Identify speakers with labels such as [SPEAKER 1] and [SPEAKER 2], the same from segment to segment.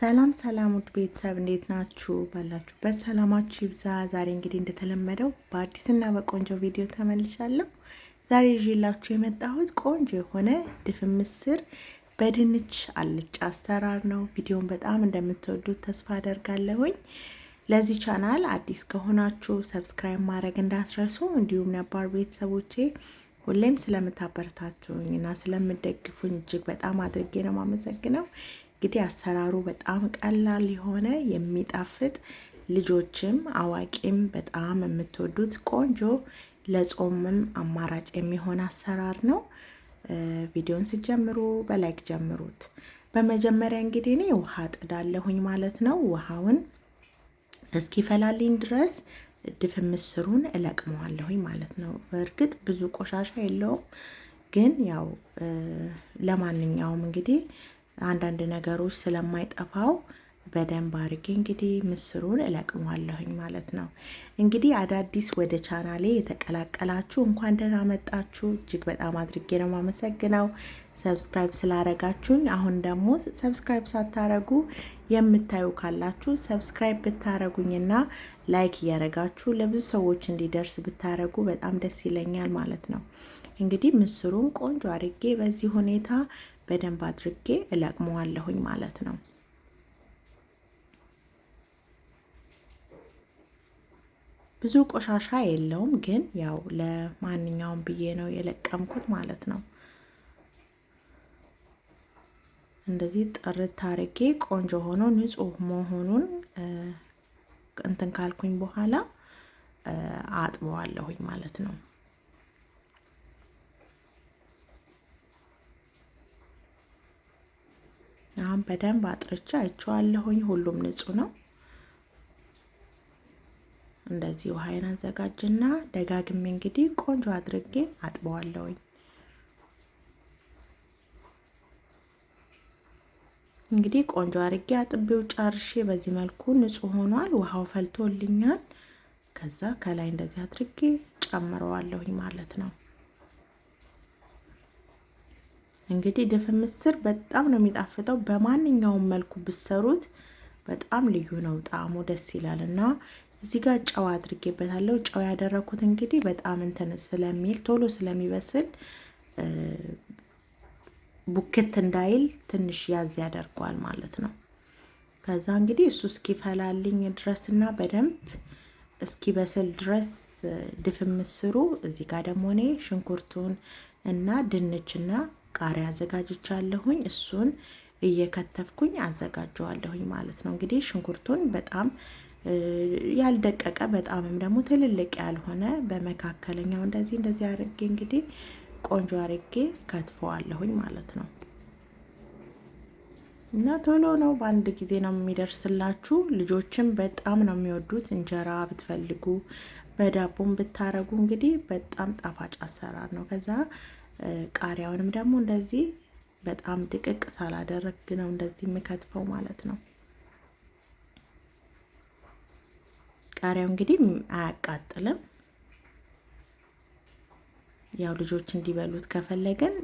[SPEAKER 1] ሰላም ሰላም ውድ ቤተሰብ እንዴት ናችሁ? ባላችሁበት ሰላማችሁ ይብዛ። ዛሬ እንግዲህ እንደተለመደው በአዲስና በቆንጆ ቪዲዮ ተመልሻለሁ። ዛሬ ይዤላችሁ የመጣሁት ቆንጆ የሆነ ድፍን ምስር በድንች አልጫ አሰራር ነው። ቪዲዮን በጣም እንደምትወዱት ተስፋ አደርጋለሁኝ። ለዚህ ቻናል አዲስ ከሆናችሁ ሰብስክራይብ ማድረግ እንዳትረሱ፣ እንዲሁም ነባር ቤተሰቦቼ ሁሌም ስለምታበረታቱኝ እና ስለምደግፉኝ እጅግ በጣም አድርጌ ነው የማመሰግነው። እንግዲህ አሰራሩ በጣም ቀላል የሆነ የሚጣፍጥ ልጆችም አዋቂም በጣም የምትወዱት ቆንጆ ለጾምም አማራጭ የሚሆን አሰራር ነው። ቪዲዮን ስጀምሩ በላይክ ጀምሩት። በመጀመሪያ እንግዲህ እኔ ውሃ ጥዳለሁኝ ማለት ነው። ውሃውን እስኪፈላልኝ ድረስ ድፍን ምስሩን እለቅመዋለሁኝ ማለት ነው። በእርግጥ ብዙ ቆሻሻ የለውም፣ ግን ያው ለማንኛውም እንግዲህ አንዳንድ ነገሮች ስለማይጠፋው በደንብ አድርጌ እንግዲህ ምስሩን እለቅሟለሁኝ ማለት ነው። እንግዲህ አዳዲስ ወደ ቻናሌ የተቀላቀላችሁ እንኳን ደህና መጣችሁ። እጅግ በጣም አድርጌ ነው የማመሰግነው ሰብስክራይብ ስላረጋችሁኝ። አሁን ደግሞ ሰብስክራይብ ሳታረጉ የምታዩ ካላችሁ ሰብስክራይብ ብታረጉኝና ላይክ እያረጋችሁ ለብዙ ሰዎች እንዲደርስ ብታረጉ በጣም ደስ ይለኛል ማለት ነው። እንግዲህ ምስሩን ቆንጆ አድርጌ በዚህ ሁኔታ በደንብ አድርጌ እለቅመዋለሁኝ ማለት ነው። ብዙ ቆሻሻ የለውም፣ ግን ያው ለማንኛውም ብዬ ነው የለቀምኩት ማለት ነው። እንደዚህ ጥርት አርጌ ቆንጆ ሆኖ ንጹህ መሆኑን እንትን ካልኩኝ በኋላ አጥበዋለሁኝ ማለት ነው። ቡናም በደንብ አጥርቻ አይቼዋለሁኝ። ሁሉም ንጹህ ነው። እንደዚህ ውሃዬን አዘጋጅና ደጋግሜ እንግዲህ ቆንጆ አድርጌ አጥበዋለሁኝ። እንግዲህ ቆንጆ አድርጌ አጥቤው ጨርሼ በዚህ መልኩ ንጹህ ሆኗል። ውሃው ፈልቶልኛል። ከዛ ከላይ እንደዚህ አድርጌ ጨምረዋለሁኝ ማለት ነው። እንግዲህ ድፍን ምስር በጣም ነው የሚጣፍጠው። በማንኛውም መልኩ ብሰሩት በጣም ልዩ ነው፣ ጣዕሙ ደስ ይላል እና እዚህ ጋር ጨው አድርጌበታለሁ። ጨው ያደረኩት እንግዲህ በጣም እንትን ስለሚል ቶሎ ስለሚበስል ቡክት እንዳይል ትንሽ ያዝ ያደርገዋል ማለት ነው። ከዛ እንግዲህ እሱ እስኪፈላልኝ ድረስና በደንብ እስኪበስል ድረስ ድፍን ምስሩ እዚህ ጋር ደግሞ እኔ ሽንኩርቱን እና ድንችና ቃሪያ አዘጋጅቻለሁኝ። እሱን እየከተፍኩኝ አዘጋጀዋለሁኝ ማለት ነው። እንግዲህ ሽንኩርቱን በጣም ያልደቀቀ በጣምም ደግሞ ትልልቅ ያልሆነ በመካከለኛው እንደዚህ እንደዚህ አርጌ እንግዲህ ቆንጆ አርጌ ከትፈዋለሁኝ ማለት ነው። እና ቶሎ ነው በአንድ ጊዜ ነው የሚደርስላችሁ። ልጆችም በጣም ነው የሚወዱት። እንጀራ ብትፈልጉ በዳቦም ብታረጉ እንግዲህ በጣም ጣፋጭ አሰራር ነው። ከዛ ቃሪያውንም ደግሞ እንደዚህ በጣም ድቅቅ ሳላደረግ ነው እንደዚህ የምከትፈው ማለት ነው። ቃሪያው እንግዲህ አያቃጥልም። ያው ልጆች እንዲበሉት ከፈለገን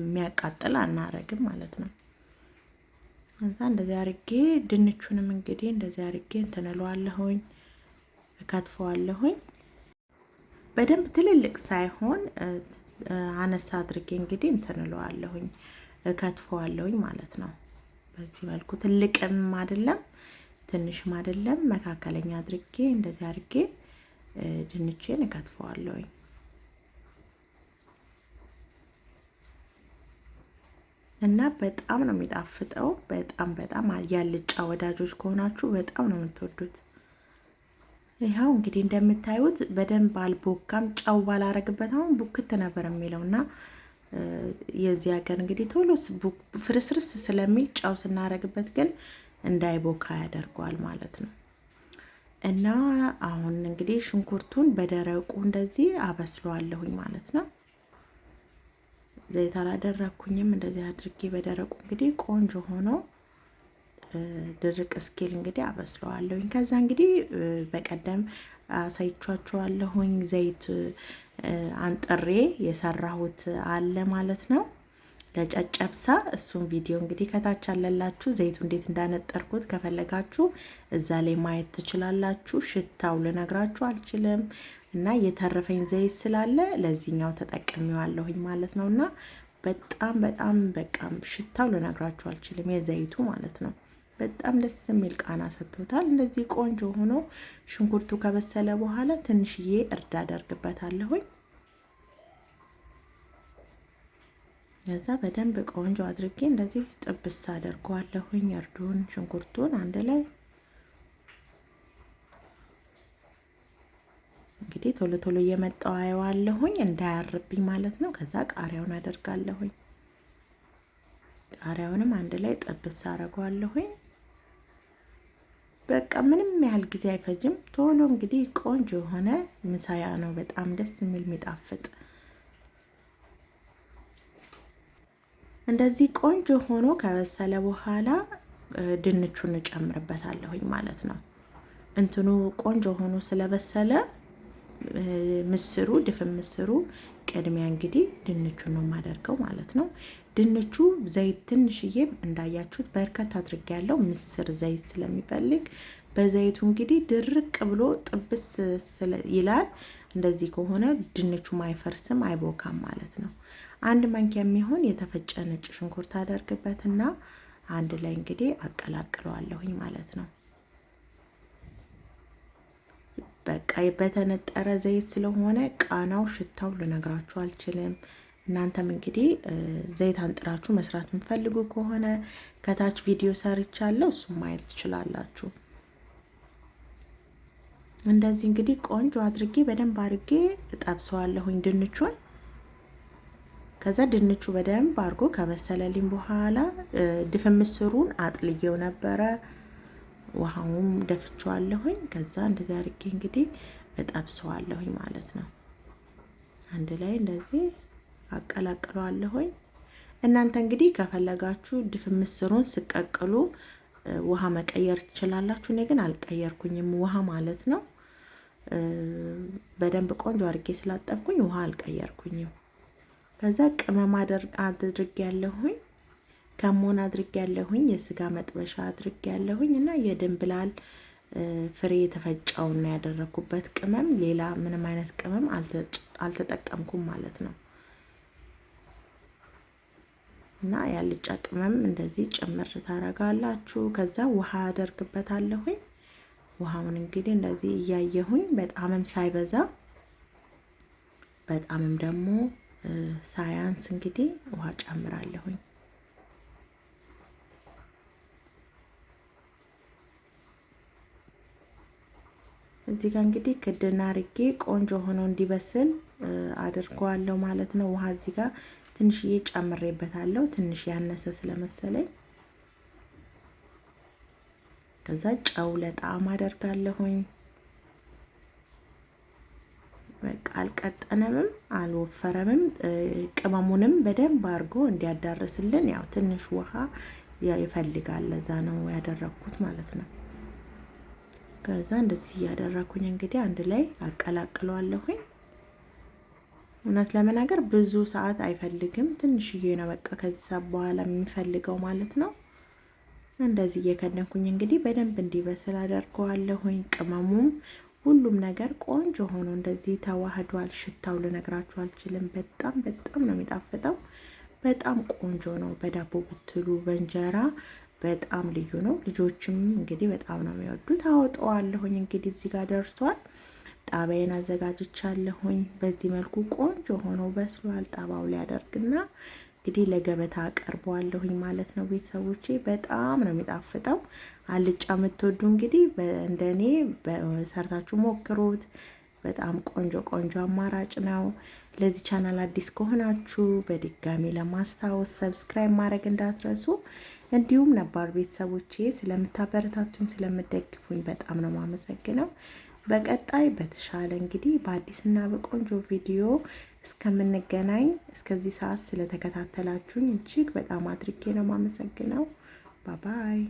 [SPEAKER 1] የሚያቃጥል አናረግም ማለት ነው። እዛ እንደዚህ አርጌ ድንቹንም እንግዲህ እንደዚህ አርጌ እንትንለዋለሁኝ እከትፈዋለሁኝ። በደንብ ትልልቅ ሳይሆን አነሳ አድርጌ እንግዲህ እንትንለዋለሁኝ እለዋለሁኝ እከትፈዋለሁኝ ማለት ነው። በዚህ መልኩ ትልቅም አይደለም ትንሽም አይደለም መካከለኛ አድርጌ እንደዚህ አድርጌ ድንቼን እከትፈዋለሁኝ። እና በጣም ነው የሚጣፍጠው። በጣም በጣም ያልጫ ወዳጆች ከሆናችሁ በጣም ነው የምትወዱት። ይኸው እንግዲህ እንደምታዩት በደንብ አልቦካም። ጨው ባላረግበት አሁን ቡክት ነበር የሚለው እና የዚህ ሀገር እንግዲህ ቶሎ ፍርስርስ ስለሚል ጨው ስናረግበት ግን እንዳይቦካ ያደርገዋል ማለት ነው። እና አሁን እንግዲህ ሽንኩርቱን በደረቁ እንደዚህ አበስለዋለሁኝ ማለት ነው። ዘይት አላደረኩኝም። እንደዚህ አድርጌ በደረቁ እንግዲህ ቆንጆ ሆኖ ድርቅ እስኪል እንግዲህ አበስለዋለሁኝ። ከዛ እንግዲህ በቀደም አሳይቻችኋለሁኝ ዘይት አንጥሬ የሰራሁት አለ ማለት ነው ለጨጨብሳ። እሱን ቪዲዮ እንግዲህ ከታች አለላችሁ። ዘይቱ እንዴት እንዳነጠርኩት ከፈለጋችሁ እዛ ላይ ማየት ትችላላችሁ። ሽታው ልነግራችሁ አልችልም እና የተረፈኝ ዘይት ስላለ ለዚህኛው ተጠቅሜዋለሁኝ ማለት ነው እና በጣም በጣም በቃ ሽታው ልነግራችሁ አልችልም የዘይቱ ማለት ነው። በጣም ደስ የሚል ቃና ሰጥቶታል። እንደዚህ ቆንጆ ሆኖ ሽንኩርቱ ከበሰለ በኋላ ትንሽዬ እርድ አደርግበታለሁኝ። ከዛ በደንብ ቆንጆ አድርጌ እንደዚህ ጥብስ አደርገዋለሁኝ። እርዱን ሽንኩርቱን አንድ ላይ እንግዲህ ቶሎ ቶሎ እየመጣው አየዋለሁኝ እንዳያርብኝ ማለት ነው። ከዛ ቃሪያውን አደርጋለሁኝ። ቃሪያውንም አንድ ላይ ጥብስ አደርገዋለሁኝ። በቃ ምንም ያህል ጊዜ አይፈጅም። ቶሎ እንግዲህ ቆንጆ የሆነ ምሳያ ነው። በጣም ደስ የሚል የሚጣፍጥ እንደዚህ ቆንጆ ሆኖ ከበሰለ በኋላ ድንቹን እጨምርበታለሁኝ ማለት ነው። እንትኑ ቆንጆ ሆኖ ስለበሰለ ምስሩ ድፍን ምስሩ ቅድሚያ እንግዲህ ድንቹን ነው የማደርገው ማለት ነው። ድንቹ ዘይት ትንሽዬ እንዳያችሁት በርከት አድርጌ ያለው ምስር ዘይት ስለሚፈልግ በዘይቱ እንግዲህ ድርቅ ብሎ ጥብስ ይላል። እንደዚህ ከሆነ ድንቹም አይፈርስም አይቦካም ማለት ነው። አንድ ማንኪያ የሚሆን የተፈጨ ነጭ ሽንኩርት አደርግበትና አንድ ላይ እንግዲህ አቀላቅለዋለሁኝ ማለት ነው። በቃ በተነጠረ ዘይት ስለሆነ ቃናው፣ ሽታው ልነግራችሁ አልችልም። እናንተም እንግዲህ ዘይት አንጥራችሁ መስራት የምፈልጉ ከሆነ ከታች ቪዲዮ ሰርቻለሁ፣ እሱም ማየት ትችላላችሁ። እንደዚህ እንግዲህ ቆንጆ አድርጌ በደንብ አድርጌ እጠብሰዋለሁኝ ድንቹን። ከዛ ድንቹ በደንብ አድርጎ ከበሰለልኝ በኋላ ድፍን ምስሩን አጥልየው ነበረ ውሃውም ደፍቼዋለሁኝ። ከዛ እንደዚህ አድርጌ እንግዲህ እጠብሰዋለሁኝ ማለት ነው። አንድ ላይ እንደዚህ አቀላቅለዋለሁኝ። እናንተ እንግዲህ ከፈለጋችሁ ድፍ ምስሩን ስቀቅሉ ውሃ መቀየር ትችላላችሁ። እኔ ግን አልቀየርኩኝም ውሃ ማለት ነው። በደንብ ቆንጆ አድርጌ ስላጠብኩኝ ውሃ አልቀየርኩኝም። ከዛ ቅመም አድርግ ያለሁኝ ዳሞን አድርግ ያለሁኝ የስጋ መጥበሻ አድርግ ያለሁኝ እና የድንብላል ፍሬ የተፈጨውን ነው ያደረኩበት ቅመም። ሌላ ምንም አይነት ቅመም አልተጠቀምኩም ማለት ነው። እና ያልጫ ቅመም እንደዚህ ጭምር ታረጋላችሁ። ከዛ ውሃ አደርግበታለሁኝ። ውሃውን እንግዲህ እንደዚህ እያየሁኝ በጣምም ሳይበዛ በጣምም ደግሞ ሳያንስ እንግዲህ ውሃ ጨምራለሁኝ። እዚህ ጋር እንግዲህ ክድና አርጌ ቆንጆ ሆኖ እንዲበስል አድርገዋለሁ ማለት ነው። ውሃ እዚህ ጋር ትንሽዬ ጨምሬበታለሁ፣ ትንሽ ያነሰ ስለመሰለኝ። ከዛ ጨው ለጣዕም አደርጋለሁኝ። በቃ አልቀጠነምም፣ አልወፈረምም። ቅመሙንም በደንብ አድርጎ እንዲያዳርስልን ያው ትንሽ ውሃ ይፈልጋል። ለዛ ነው ያደረግኩት ማለት ነው። ከዛ እንደዚህ እያደረኩኝ እንግዲህ አንድ ላይ አቀላቅለዋለሁኝ። እውነት ለመናገር ብዙ ሰዓት አይፈልግም። ትንሽዬ ነው በቃ ከዛ በኋላ የሚፈልገው ማለት ነው። እንደዚህ እየከደንኩኝ እንግዲህ በደንብ እንዲበስል አደርገዋለሁኝ። ቅመሙም ሁሉም ነገር ቆንጆ ሆኖ እንደዚህ ተዋህዷል። ሽታው ልነግራችሁ አልችልም። በጣም በጣም ነው የሚጣፍጠው። በጣም ቆንጆ ነው። በዳቦ ብትሉ በእንጀራ በጣም ልዩ ነው። ልጆችም እንግዲህ በጣም ነው የሚወዱት። አወጣዋለሁኝ እንግዲህ እዚህ ጋር ደርሷል። ጣባዬን አዘጋጅቻለሁኝ። በዚህ መልኩ ቆንጆ ሆኖ በስሏል። ጣባው ላይ እንግዲህ ለገበታ አቀርበዋለሁኝ ማለት ነው። ቤተሰቦቼ በጣም ነው የሚጣፍጠው። አልጫ የምትወዱ እንግዲህ እንደ እኔ ሰርታችሁ ሞክሩት። በጣም ቆንጆ ቆንጆ አማራጭ ነው። ለዚህ ቻናል አዲስ ከሆናችሁ በድጋሚ ለማስታወስ ሰብስክራይብ ማድረግ እንዳትረሱ። እንዲሁም ነባር ቤተሰቦቼ ስለምታበረታቱኝ ስለምደግፉኝ በጣም ነው ማመሰግነው። በቀጣይ በተሻለ እንግዲህ በአዲስና በቆንጆ ቪዲዮ እስከምንገናኝ እስከዚህ ሰዓት ስለተከታተላችሁኝ እጅግ በጣም አድርጌ ነው ማመሰግነው። ባባይ